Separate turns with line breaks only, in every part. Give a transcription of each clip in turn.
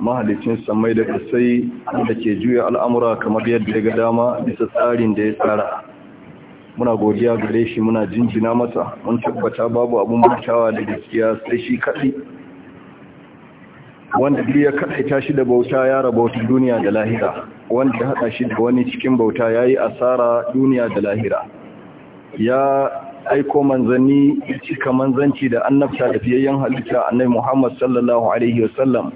mahalicin samai da kasai da ke juya al'amura kamar yadda ya ga dama bisa tsarin da ya tsara muna godiya gare shi muna jinjina masa mun tabbata babu abun bautawa da gaskiya sai shi kaɗi wanda duk ya kaɗaita shi da bauta ya wata duniya da lahira wanda ya haɗa shi da wani cikin bauta ya yi asara duniya da lahira ya aiko manzanni cika manzanci da annabta da fiyayyen halitta annabi muhammad sallallahu alaihi wasallam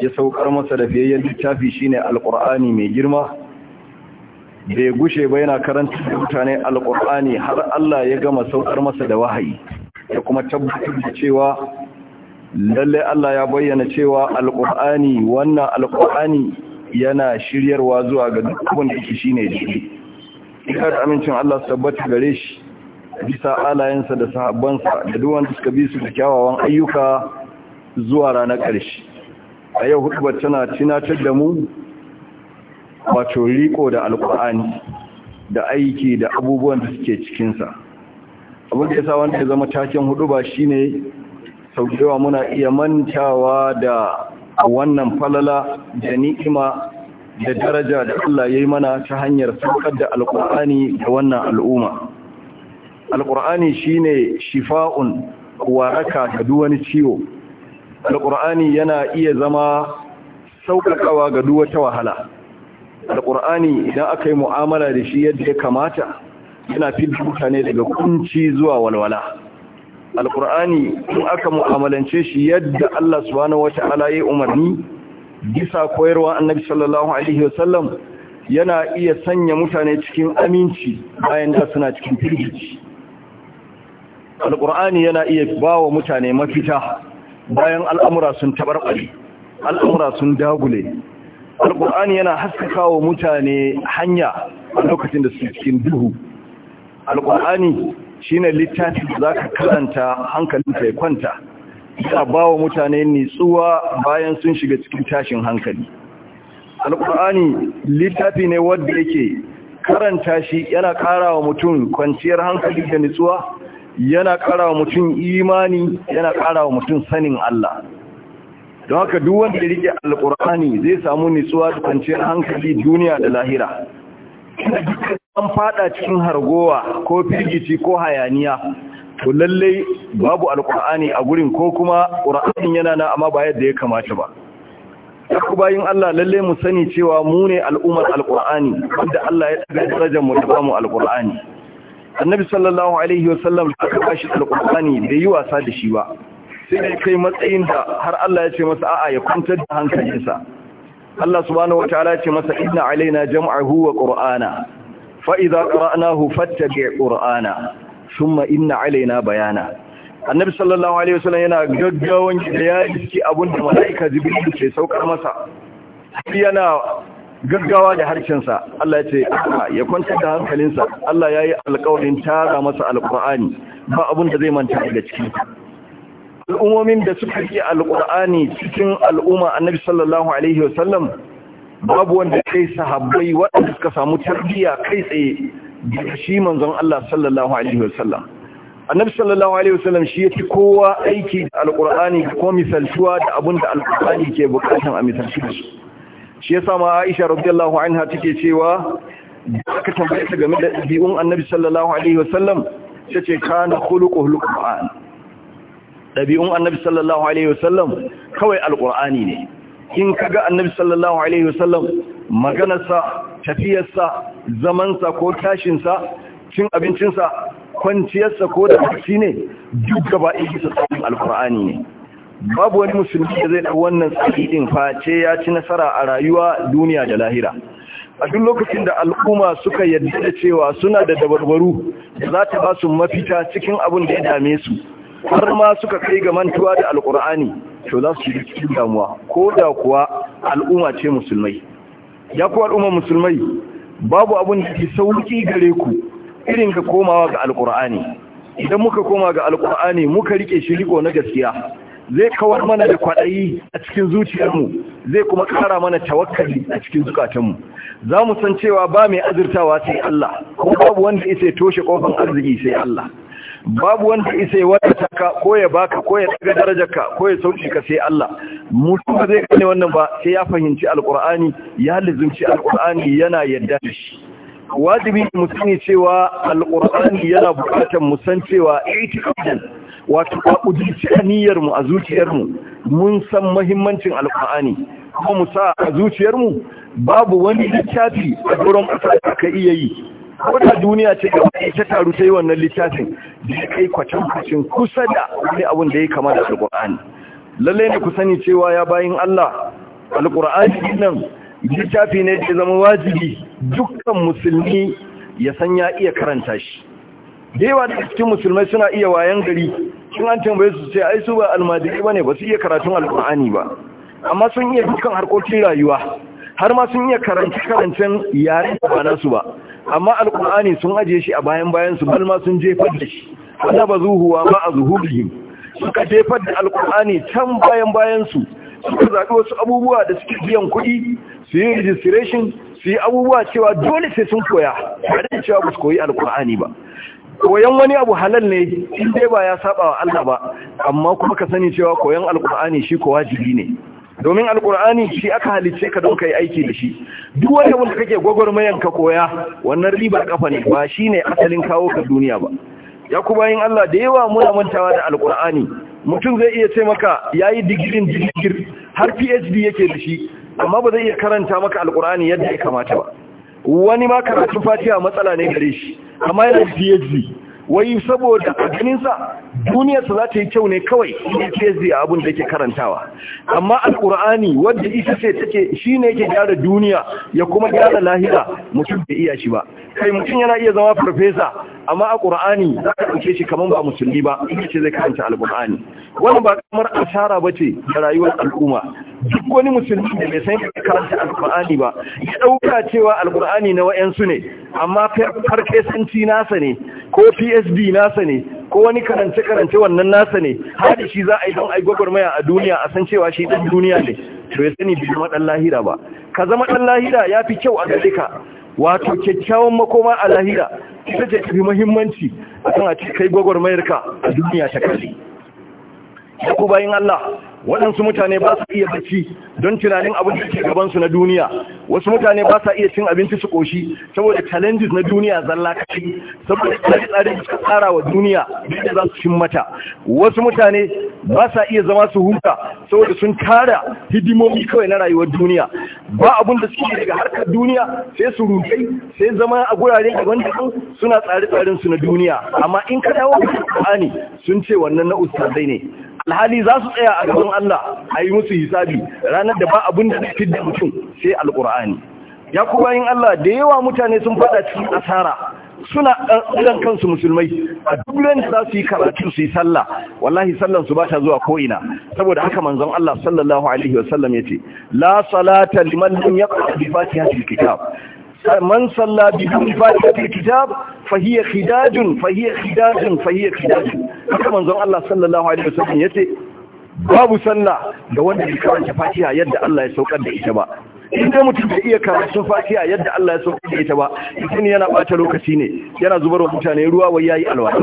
ya saukar masa da fiyayyen littafi shine alqur'ani mai girma bai gushe ba yana karanta da mutane alqur'ani har Allah ya gama saukar masa da wahayi ya kuma tabbatar da cewa lalle Allah ya bayyana cewa alqur'ani wannan alqur'ani yana shiryarwa zuwa ga duk wanda yake shine jiki. ikar amincin Allah tabbata gare shi bisa alayensa da sahabbansa da duk suka bi su da kyawawan ayyuka zuwa ranar ƙarshe a yau hudubar tana tunatar da mu wato riko da alkur'ani da aiki da abubuwan da suke cikinsa abinda ya sa wanda ya zama taken huduba shine sau saukewa muna iya mantawa da wannan falala da ni'ima da daraja da Allah ya yi mana ta hanyar saukar da alkur'ani da wannan al'umma alkur'ani shine shifa'un waraka ga duwani ciwo alƙur'ani yana iya zama sauƙaƙawa ga duk wata wahala alƙur'ani idan aka yi mu'amala da shi yadda ya kamata yana fidda mutane daga kunci zuwa walwala alƙur'ani in aka mu'amalance shi yadda Allah subhanahu wata'ala ya umarni bisa koyarwa annabi sallallahu alaihi wasallam yana iya sanya mutane cikin aminci bayan da suna cikin firgici alƙur'ani yana iya ba wa mutane mafita bayan al'amura sun tabarbare al'amura sun dagule Alƙur'ani yana haskaka wa mutane hanya a lokacin da suke cikin duhu shi ne littafi da ka karanta hankalinka ya kwanta ya bawa mutane nitsuwa bayan sun shiga cikin tashin hankali alƙur'ani littafi ne wanda yake karanta shi yana ƙara wa mutum kwanciyar hankali da nitsuwa yana ƙara wa mutum imani yana ƙara wa mutum sanin Allah don haka duk wanda ya rike alƙur'ani zai samu nitsuwa da kwanciyar hankali duniya da lahira an fada cikin hargowa ko firgici ko hayaniya to lallai babu Alƙur'ani a gurin ko kuma ƙur'anin yana na amma ba yadda ya kamata ba ku bayin Allah lallai mu sani cewa mu ne al'ummar alkur'ani wanda Allah ya daga darajar mu da mu alkur'ani annabi sallallahu alaihi wasallam aka bashi alqur'ani bai yi wasa da shi ba sai da kai matsayin da har Allah ya ce masa a'a ya kwantar da hankalinsa Allah subhanahu wataala ya ce masa inna alaina jam'ahu wa qur'ana fa idza qara'nahu fattabi' qur'ana thumma inna alaina bayana annabi sallallahu alaihi wasallam yana gaggawan da ya iski abin da malaika jibril ke saukar masa yana gaggawa da harshensa Allah ya ce ah, ya kwanta da hankalinsa Allah ya yi alkawarin tara masa alkur'ani ba abin da zai manta daga ciki al'ummomin da suka yi alkur'ani cikin al'umma annabi sallallahu alaihi wasallam babu wanda kai sahabbai waɗanda suka samu tarbiyya kai tsaye da shi manzon Allah sallallahu alaihi wasallam annabi sallallahu alaihi wasallam shi ya ci kowa aiki da alkur'ani ko misaltuwa da abin da alkur'ani ke bukatan a misaltuwa shi yasa ma Aisha radiyallahu anha take cewa aka tambaye ta game da dabi'un Annabi sallallahu alaihi wasallam tace kana khuluquhul Qur'an dabi'un Annabi sallallahu alaihi wasallam kawai alqur'ani ne in kaga Annabi sallallahu alaihi wasallam maganarsa tafiyarsa zamansa ko tashinsa cin abincinsa kwanciyarsa ko da shi ne duk gaba ɗaya bisa tsarin alqur'ani ne babu wani musulmi da zai ɗau wannan tsari ɗin face ya ci nasara a rayuwa duniya da lahira a duk lokacin da al'umma suka yarda da cewa suna da dabarbaru da za ta ba su mafita cikin abin da ya dame su har ma suka kai ga mantuwa da alkur'ani to za su yi cikin damuwa ko da kuwa al'umma ce musulmai ya kuwa al'umma musulmai babu abin da ke sauki gare ku irin ka komawa ga alkur'ani idan muka koma ga alkur'ani muka rike shi riko na gaskiya zai kawar mana da kwaɗayi a cikin zuciyarmu zai kuma ƙara mana tawakkali a cikin zukatanmu za mu san cewa ba mai azurtawa sai Allah Kuma babu wanda isa ya toshe ƙofan arziki sai Allah babu wanda isa ya wadata ka ko ya baka ko ya daga darajarka ko ya sauke ka sai Allah mutum ba zai kane wannan ba sai ya fahimci Alƙur'ani, ya lizumci Alƙur'ani yana yarda da shi wajibi mu sani cewa alqur'ani yana buƙatar mu san cewa i'tiqadan wato a kudurci aniyar mu a zuciyar mu mun san muhimmancin alqur'ani kuma mu sa a zuciyar mu babu wani littafi a gurin ƙasa ka iya yi da duniya ce gaba ta taru ta wannan littafin da ya kai kwacan-kwacin kusa da wani abin da ya kama da alƙur'ani lalle ne ku sani cewa ya bayin Allah alƙur'ani nan littafi ne da zama wajibi dukkan musulmi ya san ya iya karanta shi dewa da cikin musulmai suna iya wayan gari kin an tambaye su sai ai su ba ba bane ba su iya karatun alqur'ani ba amma sun iya dukkan harkokin rayuwa har ma sun iya karanta karancen yare ba nasu ba amma alqur'ani sun aje shi a bayan bayan su balma sun jefar da shi wala bazuhuwa ma azhurihim suka jefar da alqur'ani can bayan bayan su suka zaɓi wasu abubuwa da suke biyan kuɗi su yi registration su yi abubuwa cewa dole sai sun koya ba da cewa ba su koyi alkur'ani ba koyan wani abu halal ne in dai ba ya saba wa Allah ba amma kuma ka sani cewa koyan alkur'ani shi ko wajibi ne domin alkur'ani shi aka halicce ka don kai aiki da shi duk wani abu da kake gwagwarmayan ka koya wannan ribar kafa ne ba shi ne asalin kawo ka duniya ba ya kuma yin Allah da yawa muna mantawa da alkur'ani mutum zai iya ce maka yayi digirin digir har PhD yake da shi amma ba zai iya karanta maka alkur'ani yadda ya kamata ba wani ma karatun fatiha matsala ne gare shi amma yana PhD wai saboda a ganinsa duniyarsa za ta yi kyau ne kawai PhD a abin da yake karantawa amma alkur'ani wadda ita ce take shi ne yake gyara duniya ya kuma gyara lahira mutum bai iya shi ba kai mutum yana iya zama farfesa amma a ƙur'ani za ka ɗauke shi kamar ba musulmi ba ita ce zai karanta alkur'ani wannan ba kamar asara ba ce ga rayuwar al'umma duk wani musulmi da bai san karanta alkur'ani ba ya ɗauka cewa alkur'ani na wa'yansu ne amma har kesanci nasa ne ko psd nasa ne ko wani karance-karance wannan nasa ne hadi shi za a yi don ai gwagwarmaya a duniya a san cewa shi din duniya ne to ya sani bin madan ɗan lahira ba ka zama ɗan lahira ya fi kyau a gare ka wato kyakkyawan makoma a lahira ita ce fi muhimmanci a kan a ce kai gwagwarmayarka a duniya ta kalli. Yaku bayin Allah, waɗansu mutane ba su iya bacci don tunanin abin da ke gabansu na duniya wasu mutane ba sa iya cin abinci su ƙoshi saboda challenges na duniya zalla kashi saboda tsari tsari da suka tsara wa duniya da za su cin mata wasu mutane ba sa iya zama su huta saboda sun kara hidimomi kawai na rayuwar duniya ba abin da suke daga harkar duniya sai su rukai sai zama a guraren daban-daban suna tsare tsarin su na duniya amma in ka dawo Qur'ani sun ce wannan na ustazai ne alhali za su tsaya a gaban Allah a yi musu hisabi ranar da ba abin da zai da mutum sai Al'ƙur'ani. ya kuma yin Allah da yawa mutane sun faɗa cikin asara suna ɗan eh, kansu musulmai a duk da za su yi karatu su yi sallah wallahi sallan su ba ta zuwa ko'ina saboda haka manzon Allah sallallahu alaihi wasallam ya ce la salata ya lam yaqra bi fatihatil kitab man salla bi fatihatil kitab fahiya khidajun fahiya khidajun fahiya khidajun haka manzon Allah sallallahu alaihi wasallam ya ce babu sallah ga wanda ya karanta fatiha yadda Allah ya saukar da ita ba in mutum bai iya karatun a yadda Allah ya so da ita ba mutum yana bata lokaci ne yana zubar wa mutane ruwa wai yayi alwala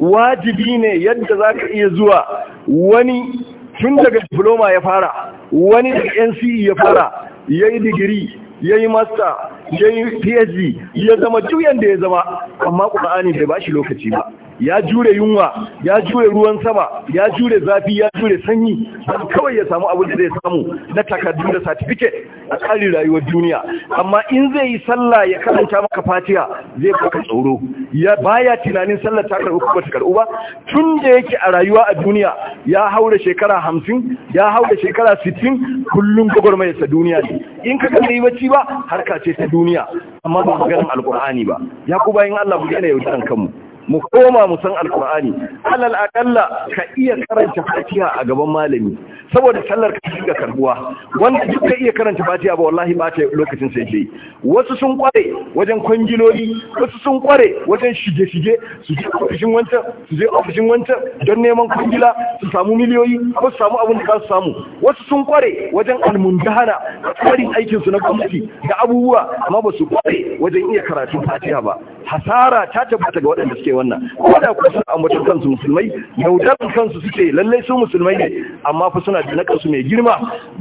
wajibi ne yadda zaka iya zuwa wani tun daga diploma ya fara wani daga NCE ya fara yayi digiri yayi master yayi PhD ya zama duk yanda ya zama amma Qur'ani bai bashi lokaci ba ya jure yunwa ya jure ruwan sama ya jure zafi ya jure sanyi don kawai ya samu abin da zai samu na takardu da certificate a tsarin rayuwar duniya amma in zai yi sallah ya karanta maka fatiha zai baka tsoro ya baya tunanin sallah ta karɓi ko ta ba tun da yake a rayuwa a duniya ya hau da shekara hamsin ya hau da shekara sittin kullum ta duniya ne in ka kalli bacci ba harka ce ta duniya amma ba maganin alkur'ani ba ya ku bayan allah ku daina yaudaran kanmu mu koma mu san alkur'ani alal akalla ka iya karanta fatiha a gaban malami saboda sallar ka shiga karbuwa wanda duk ka iya karanta fatiha ba wallahi ba ta lokacin sai ke wasu sun kware wajen kwangiloli wasu sun kware wajen shige shige su je ofishin wancan su je ofishin wancan don neman kwangila su samu miliyoyi ko su samu abin da za su samu wasu sun kware wajen almundahara, kwarin aikin su na gwamnati da abubuwa amma ba su kware wajen iya karatun fatiha ba hasara ta tabbata ga waɗanda suke wannan wanda kuma suna ambatar kansu musulmai yaudar kansu suke lallai su musulmai ne amma fi suna da nakasu mai girma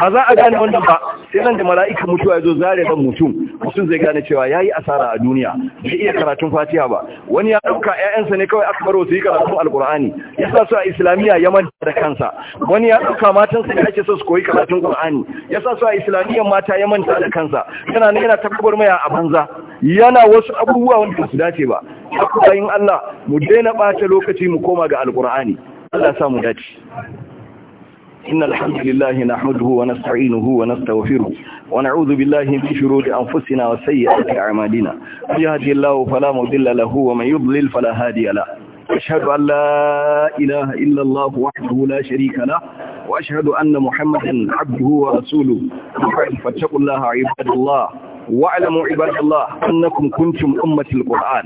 ba za a gane wannan ba sai nan da mala'ikan mutuwa ya zo zare ban mutum mutum zai gane cewa ya yi asara a duniya bai iya karatun fatiha ba wani ya ɗauka ƴaƴansa ne kawai aka baro su yi karatun alƙur'ani ya sa su a islamiyya ya manta da kansa wani ya ɗauka matansa ne ake so su koyi karatun Kur'ani. ya sa su a islamiyan mata ya manta da kansa yana ne yana tabbar maya a banza yana wasu abubuwa wanda su dace ba haka bayin Allah mu daina bace lokaci mu koma ga alqur'ani Allah ya sa mu dace innal hamdalillahi nahmaduhu wa nasta'inuhu wa nastaghfiruh wa na'udhu billahi min shururi anfusina wa sayyiati a'malina may yahdihillahu fala mudilla lahu wa may yudlil fala hadiya la اشهد ان لا اله الا الله وحده لا شريك له واشهد ان محمدا عبده ورسوله فاتقوا الله عباد الله واعلموا عباد الله أنكم كنتم أمة القرآن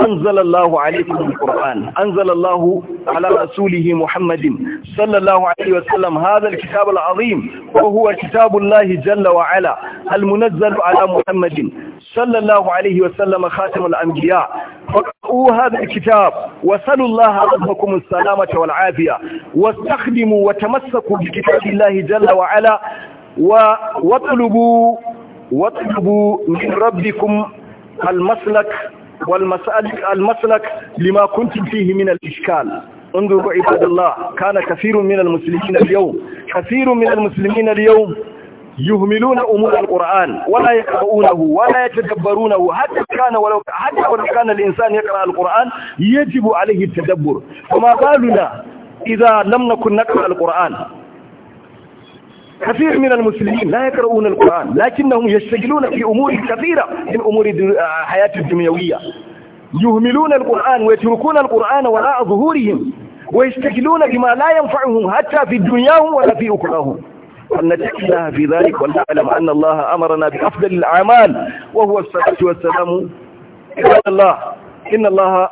أنزل الله عليكم القرآن أنزل الله على رسوله محمد صلى الله عليه وسلم هذا الكتاب العظيم وهو كتاب الله جل وعلا المنزل على محمد صلى الله عليه وسلم خاتم الأنبياء فاقرؤوا هذا الكتاب وسلوا الله ربكم السلامة والعافية واستخدموا وتمسكوا بكتاب الله جل وعلا واطلبوا واطلبوا من ربكم المسلك والمسالك المسلك لما كنتم فيه من الإشكال انظروا عباد الله كان كثير من المسلمين اليوم كثير من المسلمين اليوم يهملون أمور القرآن ولا يقرؤونه ولا يتدبرونه حتى كان ولو حتى ولو كان الإنسان يقرأ القرآن يجب عليه التدبر فما بالنا إذا لم نكن نقرأ القرآن كثير من المسلمين لا يقرؤون القرآن لكنهم يشتغلون في أمور كثيرة من أمور آه، حياة الدنيوية يهملون القرآن ويتركون القرآن وراء ظهورهم ويشتغلون بما لا ينفعهم حتى في دنياهم ولا في أخراهم فلنتق الله في ذلك ولنعلم أن الله أمرنا بأفضل الأعمال وهو الصلاة والسلام إلى الله إن الله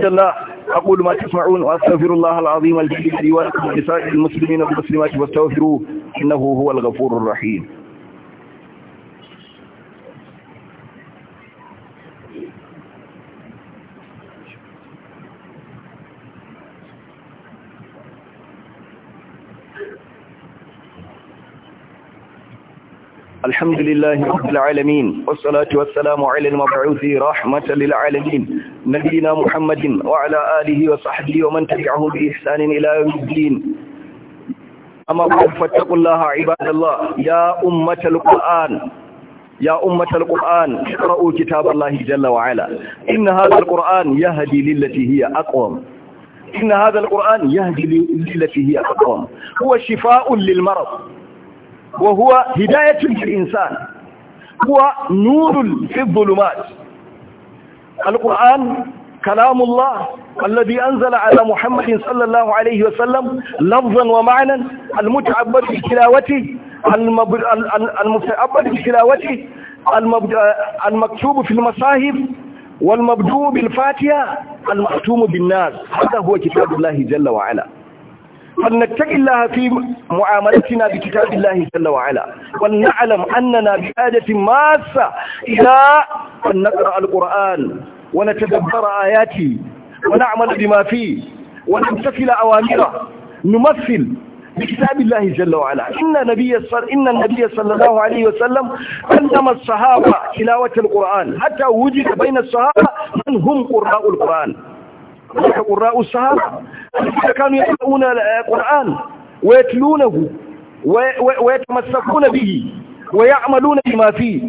إن الله أقول ما تسمعون وأستغفر الله العظيم الجليل لي ولكم ولسائر المسلمين والمسلمات فاستغفروه إنه هو الغفور الرحيم الحمد لله رب العالمين والصلاة والسلام على المبعوث رحمة للعالمين نبينا محمد وعلى آله وصحبه ومن تبعه بإحسان إلى يوم الدين أما بعد فاتقوا الله عباد الله يا أمة القرآن يا أمة القرآن اقرأوا كتاب الله جل وعلا إن هذا القرآن يهدي للتي هي أقوم إن هذا القرآن يهدي للتي هي أقوم هو شفاء للمرض وهو هداية للإنسان هو نور في الظلمات القرآن كلام الله الذي أنزل على محمد صلى الله عليه وسلم لفظا ومعنى المتعبد بتلاوته المتعبد بتلاوته المكتوب في المصاحف والمبدوء بالفاتحة المختوم بالناس هذا هو كتاب الله جل وعلا فلنتق الله في معاملتنا بكتاب الله جل وعلا ولنعلم أننا بحاجة ماسة إلى أن نقرأ القرآن ونتدبر آياته ونعمل بما فيه ونمتثل أوامره نمثل بكتاب الله جل وعلا إن النبي صل... إن النبي صلى الله عليه وسلم علم الصحابة تلاوة القرآن حتى وجد بين الصحابة من هم قراء القرآن قراء الصحابة الذين كانوا يقرؤون القرآن ويتلونه ويتمسكون به ويعملون بما فيه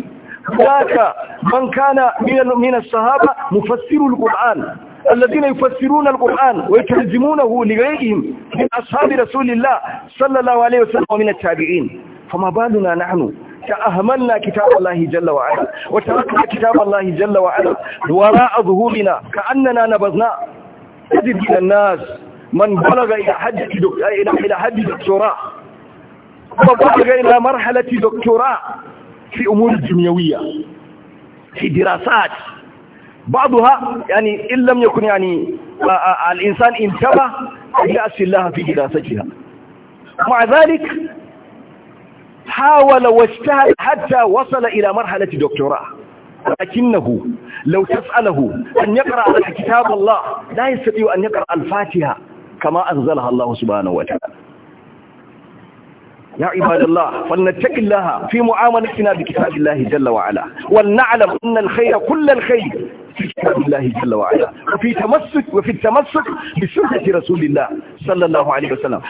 ذاك من كان من من الصحابة مفسر القرآن الذين يفسرون القرآن ويترجمونه لغيرهم من أصحاب رسول الله صلى الله عليه وسلم ومن التابعين فما بالنا نحن تأهملنا كتاب الله جل وعلا وتركنا كتاب الله جل وعلا وراء ظهورنا كأننا نبذناه تجد من الناس من بلغ إلى حد إلى حد دكتوراه وبلغ إلى مرحلة دكتوراه في أمور دنيوية في دراسات بعضها يعني إن لم يكن يعني الإنسان انتبه يأس الله في دراستها مع ذلك حاول واجتهد حتى وصل إلى مرحلة دكتوراه ولكنه لو تسأله أن يقرأ كتاب الله لا يستطيع أن يقرأ الفاتحة كما أنزلها الله سبحانه وتعالى يا عباد الله فلنتق الله في معاملتنا بكتاب الله جل وعلا ولنعلم أن الخير كل الخير في كتاب الله جل وعلا وفي تمسك وفي التمسك بسنة رسول الله صلى الله عليه وسلم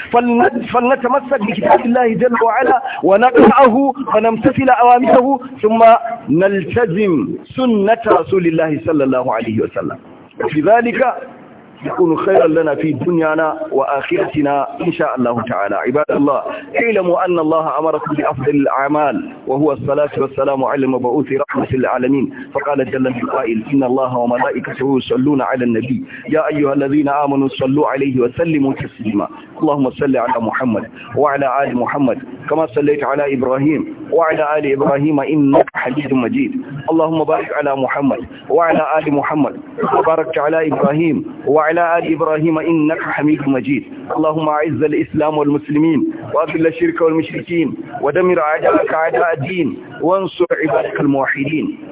فلنتمسك بكتاب الله جل وعلا ونقرأه ونمتثل أوامره ثم نلتزم سنة رسول الله صلى الله عليه وسلم وفي ذلك يكون خيرا لنا في دنيانا وآخرتنا إن شاء الله تعالى عباد الله اعلموا أن الله أمركم بأفضل الأعمال وهو الصلاة والسلام على المبعوث رحمة للعالمين فقال جل في القائل إن الله وملائكته يصلون على النبي يا أيها الذين آمنوا صلوا عليه وسلموا تسليما اللهم صل على محمد وعلى آل محمد كما صليت على إبراهيم وعلى آل إبراهيم إنك حميد مجيد اللهم بارك على محمد وعلى آل محمد وبارك على إبراهيم وعلى آل إبراهيم إنك حميد مجيد اللهم أعز الإسلام والمسلمين وأذل الشرك والمشركين ودمر أعداءك أعداء الدين وانصر عبادك الموحدين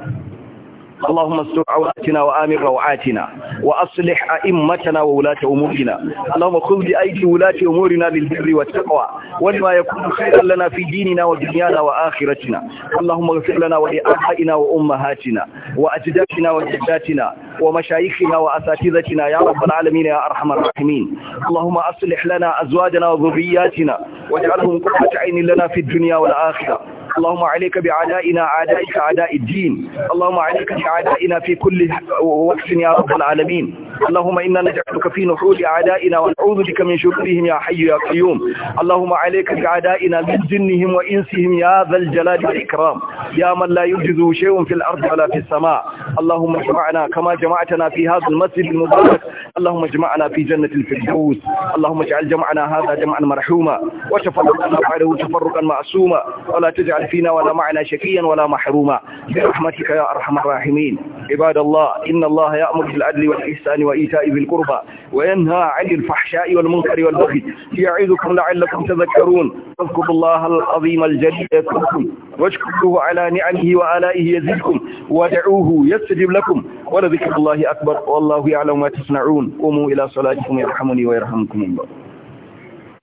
اللهم استر عوراتنا وآمن روعاتنا وأصلح أئمتنا وولاة أمورنا اللهم خذ بأيدي ولاة أمورنا بالبر والتقوى ولما يكون خيرا لنا في ديننا ودنيانا وآخرتنا اللهم اغفر لنا ولآبائنا وأمهاتنا وأجدادنا وجداتنا ومشايخنا وأساتذتنا يا رب العالمين يا أرحم الراحمين اللهم أصلح لنا أزواجنا وذرياتنا واجعلهم قرة عين لنا في الدنيا والآخرة اللهم عليك بعدائنا عدائك عداء الدين اللهم عليك بعدائنا في كل وقت يا رب العالمين اللهم إنا نجعلك في نحور أعدائنا ونعوذ بك من شرورهم يا حي يا قيوم اللهم عليك بأعدائنا من جنهم وإنسهم يا ذا الجلال والإكرام يا من لا يجزه شيء في الأرض ولا في السماء اللهم اجمعنا كما جمعتنا في هذا المسجد المبارك اللهم اجمعنا في جنة الفردوس اللهم اجعل جمعنا هذا جمعا مرحوما وتفرقنا بعده تفرقا معصوما ولا تجعل فينا ولا معنا شكيا ولا محروما برحمتك يا أرحم الراحمين عباد الله إن الله يأمر بالعدل والإحسان وإيتاء ذي القربى وينهى عن الفحشاء والمنكر والبغي يعظكم لعلكم تذكرون فاذكروا الله العظيم الجليل يذكركم واشكروه على نعمه وآلائه يزدكم ودعوه يستجب لكم ولذكر الله أكبر والله يعلم ما تصنعون قوموا إلى صلاتكم يرحمني ويرحمكم الله